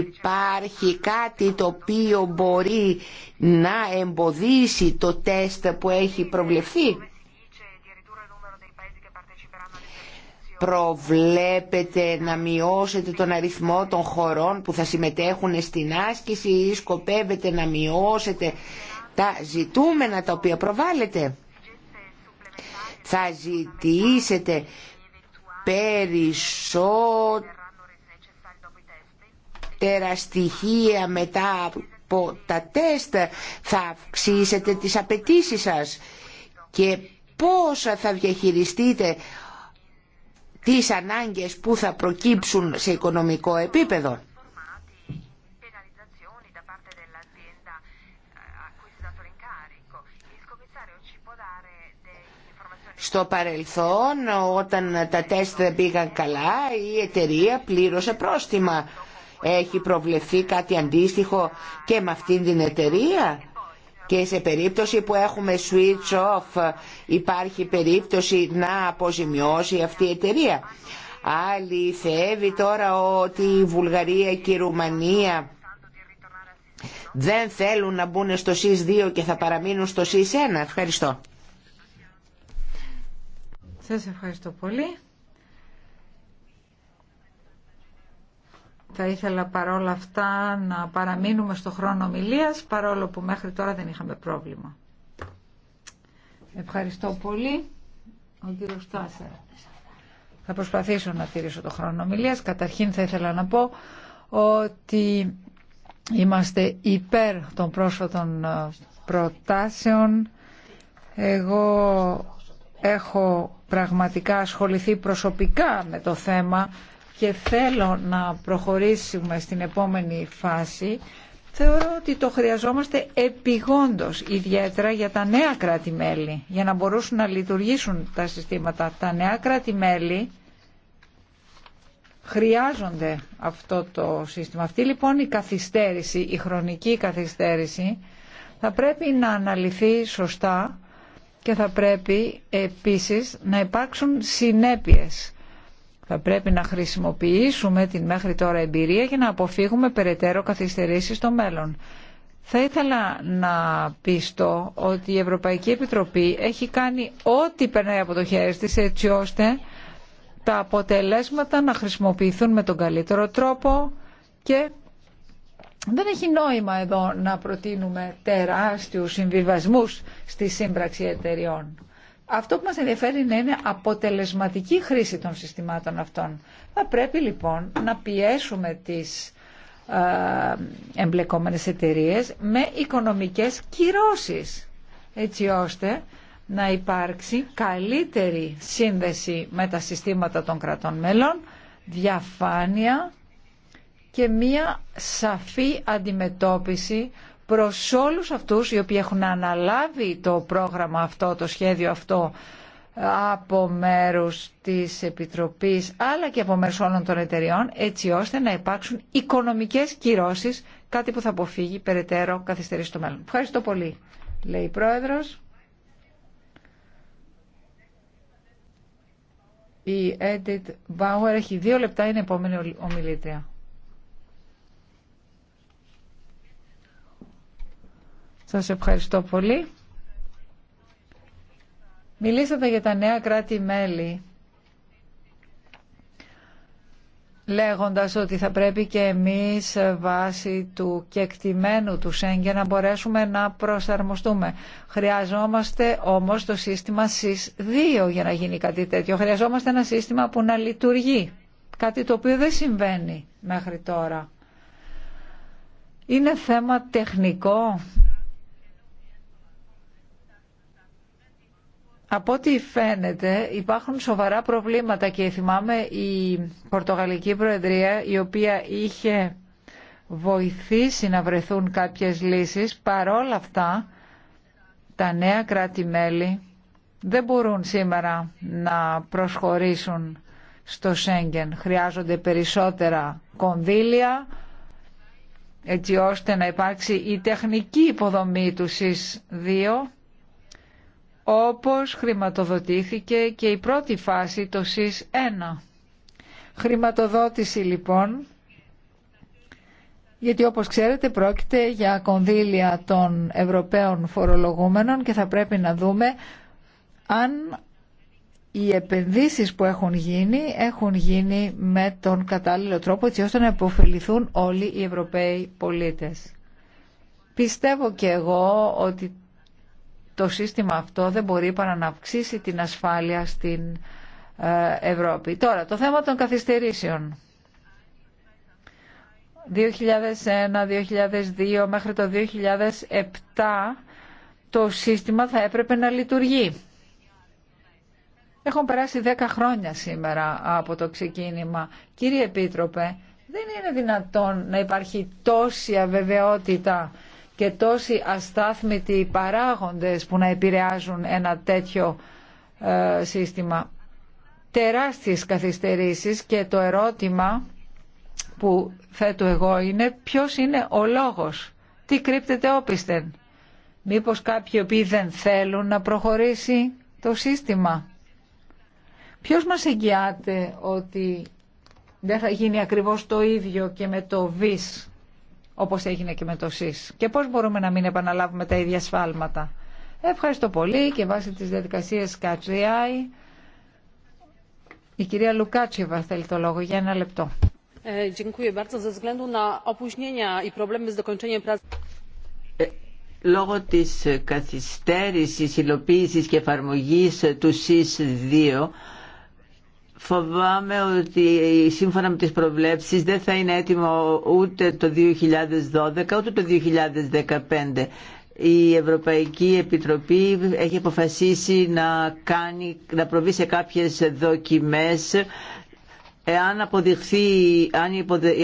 Υπάρχει κάτι το οποίο μπορεί να εμποδίσει το τεστ που έχει προβλεφθεί. Προβλέπετε να μειώσετε τον αριθμό των χωρών που θα συμμετέχουν στην άσκηση ή σκοπεύετε να μειώσετε τα ζητούμενα τα οποία προβάλλετε. Θα ζητήσετε περισσότερα στοιχεία μετά από τα τεστ θα αυξήσετε τις απαιτήσεις σας και πόσα θα διαχειριστείτε τις ανάγκες που θα προκύψουν σε οικονομικό επίπεδο. Στο παρελθόν όταν τα τεστ δεν πήγαν καλά η εταιρεία πλήρωσε πρόστιμα. Έχει προβλεφθεί κάτι αντίστοιχο και με αυτήν την εταιρεία και σε περίπτωση που έχουμε switch off υπάρχει περίπτωση να αποζημιώσει αυτή η εταιρεία. Αληθεύει τώρα ότι η Βουλγαρία και η Ρουμανία δεν θέλουν να μπουν στο ΣΥΣ 2 και θα παραμείνουν στο ΣΥΣ 1. Ευχαριστώ. Σας ευχαριστώ πολύ. Θα ήθελα παρόλα αυτά να παραμείνουμε στο χρόνο ομιλίας, παρόλο που μέχρι τώρα δεν είχαμε πρόβλημα. Ευχαριστώ πολύ. Ο κύριος Τάσερα. Θα προσπαθήσω να τηρήσω το χρόνο ομιλίας. Καταρχήν θα ήθελα να πω ότι είμαστε υπέρ των πρόσφατων ε, προτάσεων. Εγώ έχω πραγματικά ασχοληθεί προσωπικά με το θέμα και θέλω να προχωρήσουμε στην επόμενη φάση, θεωρώ ότι το χρειαζόμαστε επιγόντως, ιδιαίτερα για τα νέα κράτη-μέλη, για να μπορούσαν να λειτουργήσουν τα συστήματα. Τα νέα κράτη-μέλη χρειάζονται αυτό το σύστημα. Αυτή λοιπόν η καθυστέρηση, η χρονική καθυστέρηση, θα πρέπει να αναλυθεί σωστά και θα πρέπει επίσης να υπάρξουν συνέπειες. Θα πρέπει να χρησιμοποιήσουμε την μέχρι τώρα εμπειρία για να αποφύγουμε περαιτέρω καθυστερήσεις στο μέλλον. Θα ήθελα να πιστώ ότι η Ευρωπαϊκή Επιτροπή έχει κάνει ό,τι περνάει από το χέρι της έτσι ώστε τα αποτελέσματα να χρησιμοποιηθούν με τον καλύτερο τρόπο και δεν έχει νόημα εδώ να προτείνουμε τεράστιους συμβιβασμούς στη σύμπραξη εταιριών. Αυτό που μας ενδιαφέρει να είναι αποτελεσματική χρήση των συστημάτων αυτών. Θα πρέπει λοιπόν να πιέσουμε τις ε, εμπλεκόμενες εταιρείες με οικονομικές κυρώσεις έτσι ώστε να υπάρξει καλύτερη σύνδεση με τα συστήματα των κρατών μέλων, διαφάνεια και μία σαφή αντιμετώπιση προς όλους αυτούς οι οποίοι έχουν αναλάβει το πρόγραμμα αυτό, το σχέδιο αυτό από μέρους της Επιτροπής αλλά και από μέρους όλων των εταιριών έτσι ώστε να υπάρξουν οικονομικές κυρώσεις κάτι που θα αποφύγει περαιτέρω καθυστερήσει στο μέλλον. Ευχαριστώ πολύ, λέει η Πρόεδρος. Η Edith Bauer έχει δύο λεπτά, είναι επόμενη ομιλήτρια. Σας ευχαριστώ πολύ. Μιλήσατε για τα νέα κράτη-μέλη λέγοντας ότι θα πρέπει και εμείς βάσει του κεκτημένου του για να μπορέσουμε να προσαρμοστούμε. Χρειαζόμαστε όμως το σύστημα ΣΥΣ2 για να γίνει κάτι τέτοιο. Χρειαζόμαστε ένα σύστημα που να λειτουργεί, κάτι το οποίο δεν συμβαίνει μέχρι τώρα. Είναι θέμα τεχνικό, Από ό,τι φαίνεται υπάρχουν σοβαρά προβλήματα και θυμάμαι η Πορτογαλική Προεδρία η οποία είχε βοηθήσει να βρεθούν κάποιες λύσεις. Παρόλα αυτά τα νέα κράτη-μέλη δεν μπορούν σήμερα να προσχωρήσουν στο Σέγγεν. Χρειάζονται περισσότερα κονδύλια έτσι ώστε να υπάρξει η τεχνική υποδομή του ΣΥΣ 2 όπως χρηματοδοτήθηκε και η πρώτη φάση το ΣΥΣ 1. Χρηματοδότηση λοιπόν, γιατί όπως ξέρετε πρόκειται για κονδύλια των Ευρωπαίων φορολογούμενων και θα πρέπει να δούμε αν οι επενδύσεις που έχουν γίνει έχουν γίνει με τον κατάλληλο τρόπο έτσι ώστε να υποφεληθούν όλοι οι Ευρωπαίοι πολίτες. Πιστεύω και εγώ ότι το σύστημα αυτό δεν μπορεί παρά να αυξήσει την ασφάλεια στην ε, Ευρώπη. Τώρα, το θέμα των καθυστερήσεων. 2001, 2002 μέχρι το 2007 το σύστημα θα έπρεπε να λειτουργεί. Έχουν περάσει 10 χρόνια σήμερα από το ξεκίνημα. Κύριε Επίτροπε, δεν είναι δυνατόν να υπάρχει τόση αβεβαιότητα και τόσοι αστάθμητοι παράγοντες που να επηρεάζουν ένα τέτοιο ε, σύστημα. Τεράστιες καθυστερήσεις και το ερώτημα που θέτω εγώ είναι ποιος είναι ο λόγος, τι κρύπτεται όπισθεν. Μήπως κάποιοι οποίοι δεν θέλουν να προχωρήσει το σύστημα. Ποιος μας εγγυάται ότι δεν θα γίνει ακριβώς το ίδιο και με το ΒΙΣ όπως έγινε και με το ΣΥΣ. Και πώς μπορούμε να μην επαναλάβουμε τα ίδια σφάλματα. Ευχαριστώ πολύ και βάσει της διαδικασίας ΚΑΤΣΔΙ η κυρία Λουκάτσεβα θέλει το λόγο για ένα λεπτό. Ε, ε, λόγω της καθυστέρησης υλοποίησης και εφαρμογής του ΣΥΣ 2 Φοβάμαι ότι σύμφωνα με τις προβλέψεις δεν θα είναι έτοιμο ούτε το 2012 ούτε το 2015. Η Ευρωπαϊκή Επιτροπή έχει αποφασίσει να, κάνει, να προβεί σε κάποιες δοκιμές εάν αποδειχθεί, αν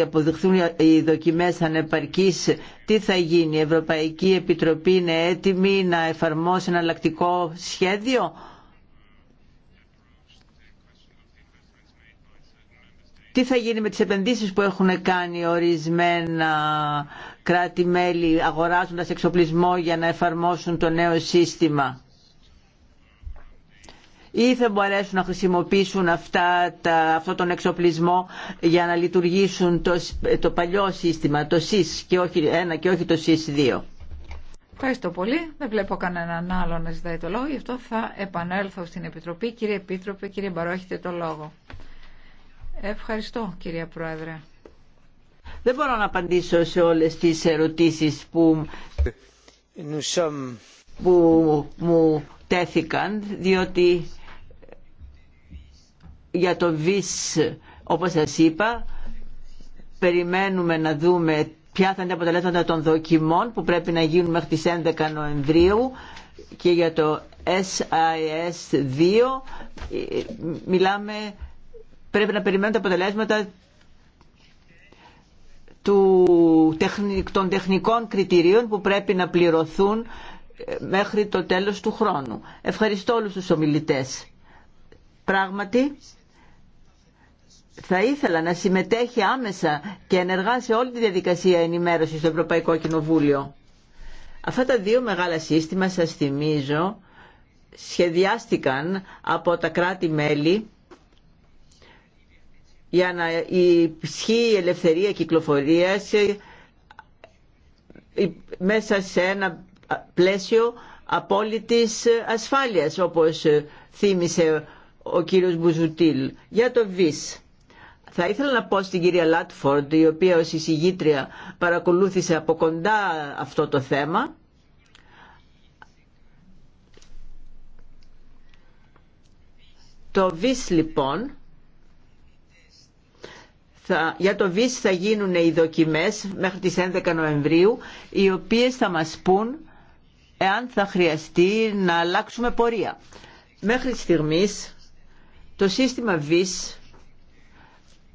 αποδειχθούν οι δοκιμές ανεπαρκείς, τι θα γίνει, η Ευρωπαϊκή Επιτροπή είναι έτοιμη να εφαρμόσει ένα αλλακτικό σχέδιο Τι θα γίνει με τις επενδύσεις που έχουν κάνει ορισμένα κράτη-μέλη αγοράζοντας εξοπλισμό για να εφαρμόσουν το νέο σύστημα ή θα μπορέσουν να χρησιμοποιήσουν αυτά, τα, αυτόν τον εξοπλισμό για να λειτουργήσουν το, παλιό σύστημα, το ΣΥΣ και όχι ένα και όχι το ΣΥΣ 2. Ευχαριστώ πολύ. Δεν βλέπω κανέναν άλλο να ζητάει το λόγο, γι' αυτό θα επανέλθω στην Επιτροπή. Κύριε Επίτροπε, κύριε Μπαρό, έχετε το λόγο. Ευχαριστώ κυρία Πρόεδρε. Δεν μπορώ να απαντήσω σε όλες τις ερωτήσεις που, μου τέθηκαν, διότι για το ΒΙΣ, όπως σας είπα, περιμένουμε να δούμε ποια θα είναι τα αποτελέσματα των δοκιμών που πρέπει να γίνουν μέχρι τις 11 Νοεμβρίου και για το SIS 2 ε, μιλάμε Πρέπει να περιμένουμε τα αποτελέσματα του, των τεχνικών κριτηρίων που πρέπει να πληρωθούν ε, μέχρι το τέλος του χρόνου. Ευχαριστώ όλους τους ομιλητές. Πράγματι, θα ήθελα να συμμετέχει άμεσα και ενεργά σε όλη τη διαδικασία ενημέρωσης στο Ευρωπαϊκό Κοινοβούλιο. Αυτά τα δύο μεγάλα σύστημα, σας θυμίζω, σχεδιάστηκαν από τα κράτη-μέλη για να ισχύει η ελευθερία κυκλοφορίας ε, μέσα σε ένα πλαίσιο απόλυτης ασφάλειας όπως θύμισε ο κύριος Μπουζουτήλ για το ΒΙΣ. Θα ήθελα να πω στην κυρία Λάτφορντ, η οποία ως εισηγήτρια παρακολούθησε από κοντά αυτό το θέμα, το ΒΙΣ λοιπόν για το ΒΙΣ θα γίνουν οι δοκιμές μέχρι τις 11 Νοεμβρίου, οι οποίες θα μας πούν εάν θα χρειαστεί να αλλάξουμε πορεία. Μέχρι στιγμής το σύστημα ΒΙΣ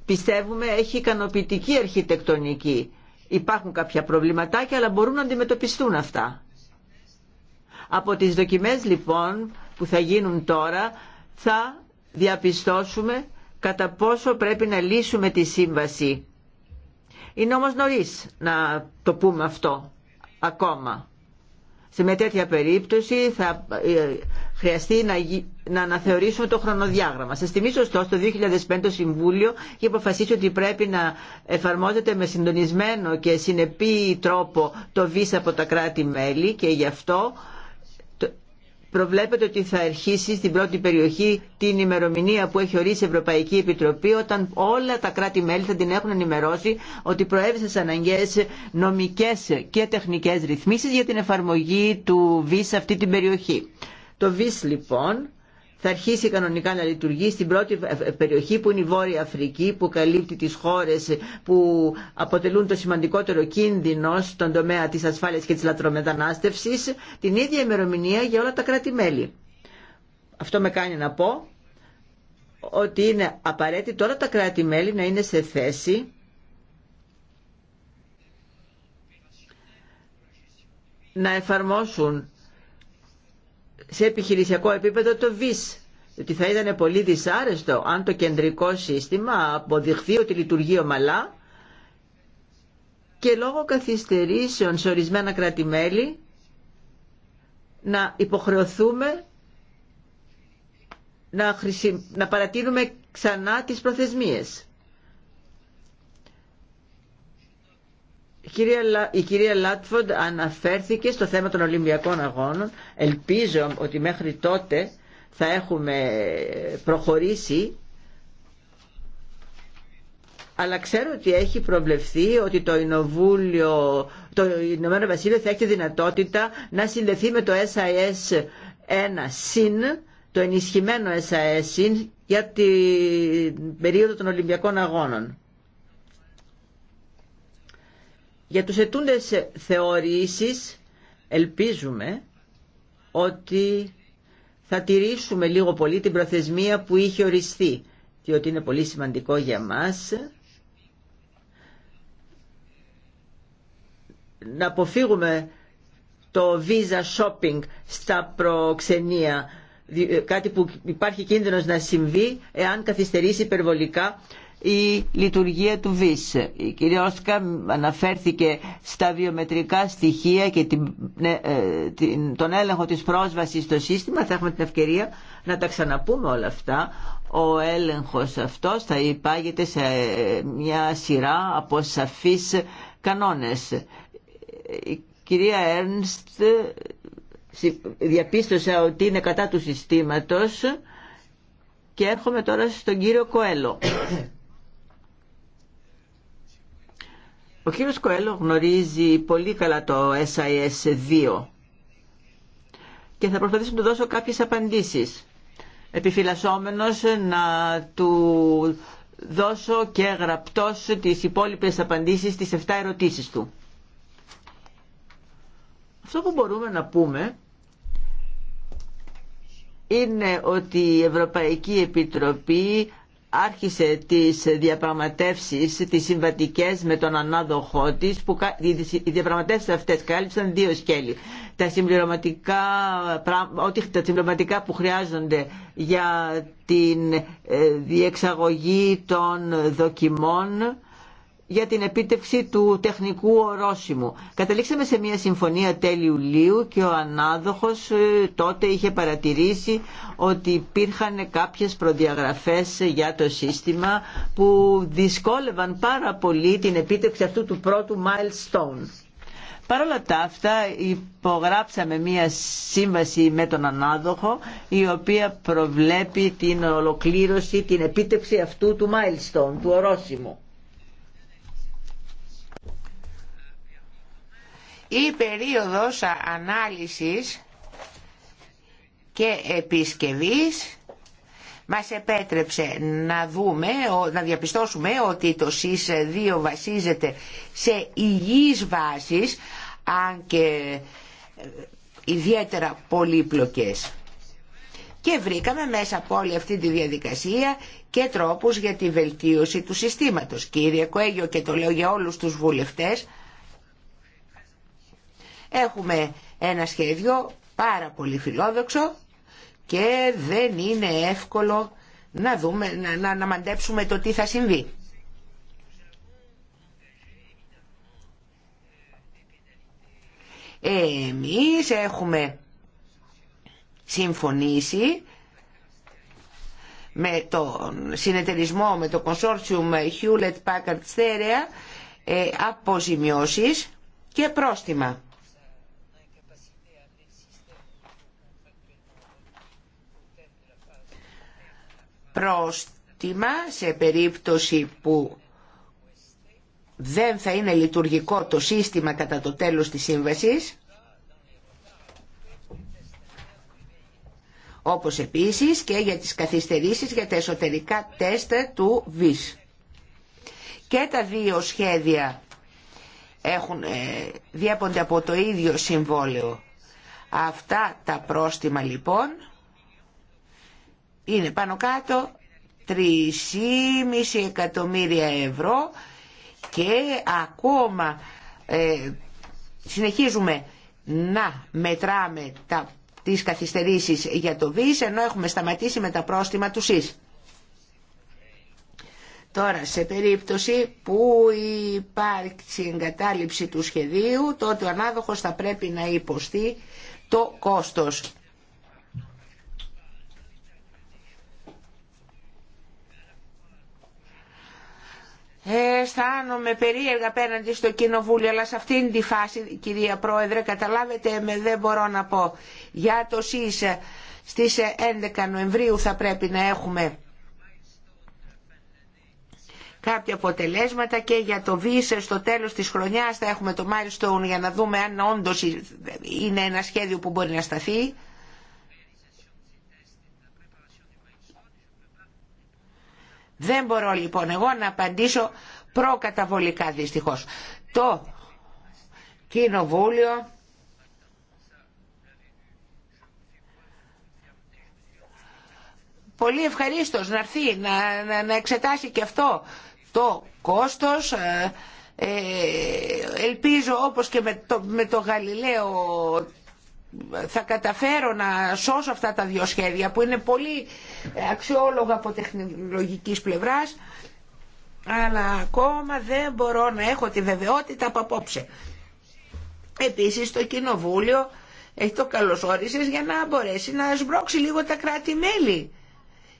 πιστεύουμε έχει ικανοποιητική αρχιτεκτονική. Υπάρχουν κάποια προβληματάκια αλλά μπορούν να αντιμετωπιστούν αυτά. Από τις δοκιμές λοιπόν που θα γίνουν τώρα θα διαπιστώσουμε κατά πόσο πρέπει να λύσουμε τη σύμβαση. Είναι όμως νωρίς να το πούμε αυτό ακόμα. Σε μια τέτοια περίπτωση θα ε, χρειαστεί να, να αναθεωρήσουμε το χρονοδιάγραμμα. Σας θυμίσω ωστόσο το 2005 το Συμβούλιο είχε αποφασίσει ότι πρέπει να εφαρμόζεται με συντονισμένο και συνεπή τρόπο το βίσα από τα κράτη-μέλη και γι' αυτό προβλέπεται ότι θα αρχίσει στην πρώτη περιοχή την ημερομηνία που έχει ορίσει η Ευρωπαϊκή Επιτροπή όταν όλα τα κράτη-μέλη θα την έχουν ενημερώσει ότι προέβησε σε αναγκαίες νομικές και τεχνικές ρυθμίσεις για την εφαρμογή του ΒΙΣ σε αυτή την περιοχή. Το ΒΙΣ λοιπόν θα αρχίσει κανονικά να λειτουργεί στην πρώτη περιοχή που είναι η Βόρεια Αφρική που καλύπτει τις χώρες που αποτελούν το σημαντικότερο κίνδυνο στον τομέα της ασφάλειας και της λατρομετανάστευσης την ίδια ημερομηνία για όλα τα κράτη-μέλη. Αυτό με κάνει να πω ότι είναι απαραίτητο όλα τα κράτη-μέλη να είναι σε θέση να εφαρμόσουν σε επιχειρησιακό επίπεδο το ΒΙΣ ότι θα ήταν πολύ δυσάρεστο αν το κεντρικό σύστημα αποδειχθεί ότι λειτουργεί ομαλά και λόγω καθυστερήσεων σε ορισμένα να υποχρεωθούμε να, παρατείνουμε ξανά τις προθεσμίες. η κυρία Λάτφοντ αναφέρθηκε στο θέμα των Ολυμπιακών Αγώνων. Ελπίζω ότι μέχρι τότε θα έχουμε προχωρήσει αλλά ξέρω ότι έχει προβλεφθεί ότι το το Ηνωμένο Βασίλειο θα έχει δυνατότητα να συνδεθεί με το SIS 1 συν, το ενισχυμένο SIS συν για την περίοδο των Ολυμπιακών Αγώνων. Για τους ετούντες θεωρήσεις ελπίζουμε ότι θα τηρήσουμε λίγο πολύ την προθεσμία που είχε οριστεί, διότι είναι πολύ σημαντικό για μας να αποφύγουμε το visa shopping στα προξενία, κάτι που υπάρχει κίνδυνος να συμβεί εάν καθυστερήσει υπερβολικά η λειτουργία του ΒΙΣ. Η κυρία Όσκα αναφέρθηκε στα βιομετρικά στοιχεία και ε, τον έλεγχο της πρόσβασης στο σύστημα. Θα έχουμε την ευκαιρία να τα ξαναπούμε όλα αυτά. Ο έλεγχος αυτός θα υπάγεται σε μια σειρά από σαφείς κανόνες. Η κυρία Έρνστ διαπίστωσε ότι είναι κατά του συστήματος και έρχομαι τώρα στον κύριο Κοέλο. Ο κύριος Κοέλο γνωρίζει πολύ καλά το SIS-2 και θα προσπαθήσω να του δώσω κάποιες απαντήσεις επιφυλασσόμενος να του δώσω και γραπτός τις υπόλοιπες απαντήσεις στις 7 ερωτήσεις του. Αυτό που μπορούμε να πούμε είναι ότι η Ευρωπαϊκή Επιτροπή άρχισε τις διαπραγματεύσεις, τις συμβατικές με τον ανάδοχό της, που οι διαπραγματεύσεις αυτές κάλυψαν δύο σκέλη. Τα συμπληρωματικά, ό,τι τα συμπληρωματικά που χρειάζονται για την ε, διεξαγωγή των δοκιμών, για την επίτευξη του τεχνικού ορόσημου. Καταλήξαμε σε μια συμφωνία τέλη λίου και ο ανάδοχος ε, τότε είχε παρατηρήσει ότι υπήρχαν κάποιες προδιαγραφές για το σύστημα που δυσκόλευαν πάρα πολύ την επίτευξη αυτού του πρώτου milestone. Παρ' όλα τα αυτά υπογράψαμε μία σύμβαση με τον ανάδοχο η οποία προβλέπει την ολοκλήρωση, την επίτευξη αυτού του milestone, του ορόσημου. Η περίοδος ανάλυσης και επισκευής μας επέτρεψε να δούμε, να διαπιστώσουμε ότι το ΣΥΣ 2 βασίζεται σε υγιείς βάσεις, αν και ε, ιδιαίτερα πολύπλοκες. Και βρήκαμε μέσα από όλη αυτή τη διαδικασία και τρόπους για τη βελτίωση του συστήματος. Κύριε Κοέγιο, και το λέω για όλους τους βουλευτές, Έχουμε ένα σχέδιο πάρα πολύ φιλόδοξο και δεν είναι εύκολο να, δούμε, να, να, μαντέψουμε το τι θα συμβεί. Εμείς έχουμε συμφωνήσει με τον συνεταιρισμό, με το consortium Hewlett Packard Stereo, ε, αποζημιώσεις και πρόστιμα. πρόστιμα σε περίπτωση που δεν θα είναι λειτουργικό το σύστημα κατά το τέλος της σύμβασης όπως επίσης και για τις καθυστερήσεις για τα εσωτερικά τεστ του ΒΙΣ. Και τα δύο σχέδια έχουν, ε, διέπονται από το ίδιο συμβόλαιο. Αυτά τα πρόστιμα λοιπόν είναι πάνω κάτω 3,5 εκατομμύρια ευρώ και ακόμα ε, συνεχίζουμε να μετράμε τα, τις καθυστερήσεις για το ΒΙΣ ενώ έχουμε σταματήσει με τα πρόστιμα του ΣΥΣ. Τώρα, σε περίπτωση που υπάρξει εγκατάλειψη του σχεδίου, τότε ο ανάδοχος θα πρέπει να υποστεί το κόστος. Ε, αισθάνομαι περίεργα απέναντι στο κοινοβούλιο αλλά σε αυτήν τη φάση κυρία Πρόεδρε καταλάβετε με δεν μπορώ να πω για το ΣΥΣ στις 11 Νοεμβρίου θα πρέπει να έχουμε κάποια αποτελέσματα και για το ΒΙΣ στο τέλος της χρονιάς θα έχουμε το Milestone για να δούμε αν όντως είναι ένα σχέδιο που μπορεί να σταθεί Δεν μπορώ λοιπόν εγώ να απαντήσω προκαταβολικά δυστυχώς. Το κοινοβούλιο πολύ ευχαρίστως να έρθει να, να, εξετάσει και αυτό το κόστος ε, ε, ελπίζω όπως και με το, με το Γαλιλαίο θα καταφέρω να σώσω αυτά τα δύο σχέδια που είναι πολύ αξιόλογα από τεχνολογικής πλευράς αλλά ακόμα δεν μπορώ να έχω τη βεβαιότητα από απόψε. Επίσης το Κοινοβούλιο έχει το καλωσόρισες για να μπορέσει να σμπρώξει λίγο τα κράτη-μέλη.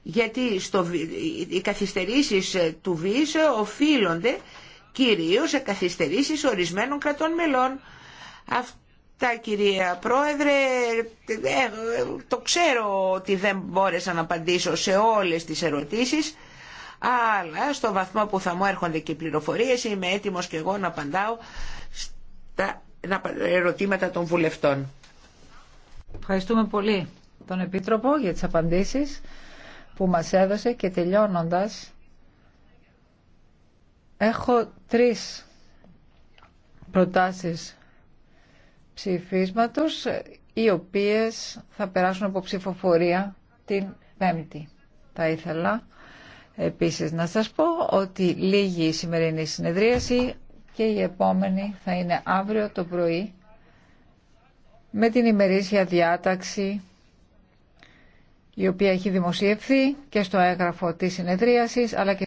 Γιατί στο, οι καθυστερήσεις ε, του ΒΙΣ οφείλονται κυρίως σε καθυστερήσεις ορισμένων κρατών μελών. Αυτό τα κυρία Πρόεδρε, ε, το ξέρω ότι δεν μπόρεσα να απαντήσω σε όλες τις ερωτήσεις, αλλά στο βαθμό που θα μου έρχονται και οι πληροφορίες είμαι έτοιμος και εγώ να απαντάω στα ερωτήματα των βουλευτών. Ευχαριστούμε πολύ τον Επίτροπο για τις απαντήσεις που μας έδωσε και τελειώνοντας έχω τρεις προτάσεις ψηφίσματος οι οποίες θα περάσουν από ψηφοφορία την Πέμπτη. Θα ήθελα επίσης να σας πω ότι λίγη η σημερινή συνεδρίαση και η επόμενη θα είναι αύριο το πρωί με την ημερήσια διάταξη η οποία έχει δημοσιευθεί και στο έγγραφο της συνεδρίασης αλλά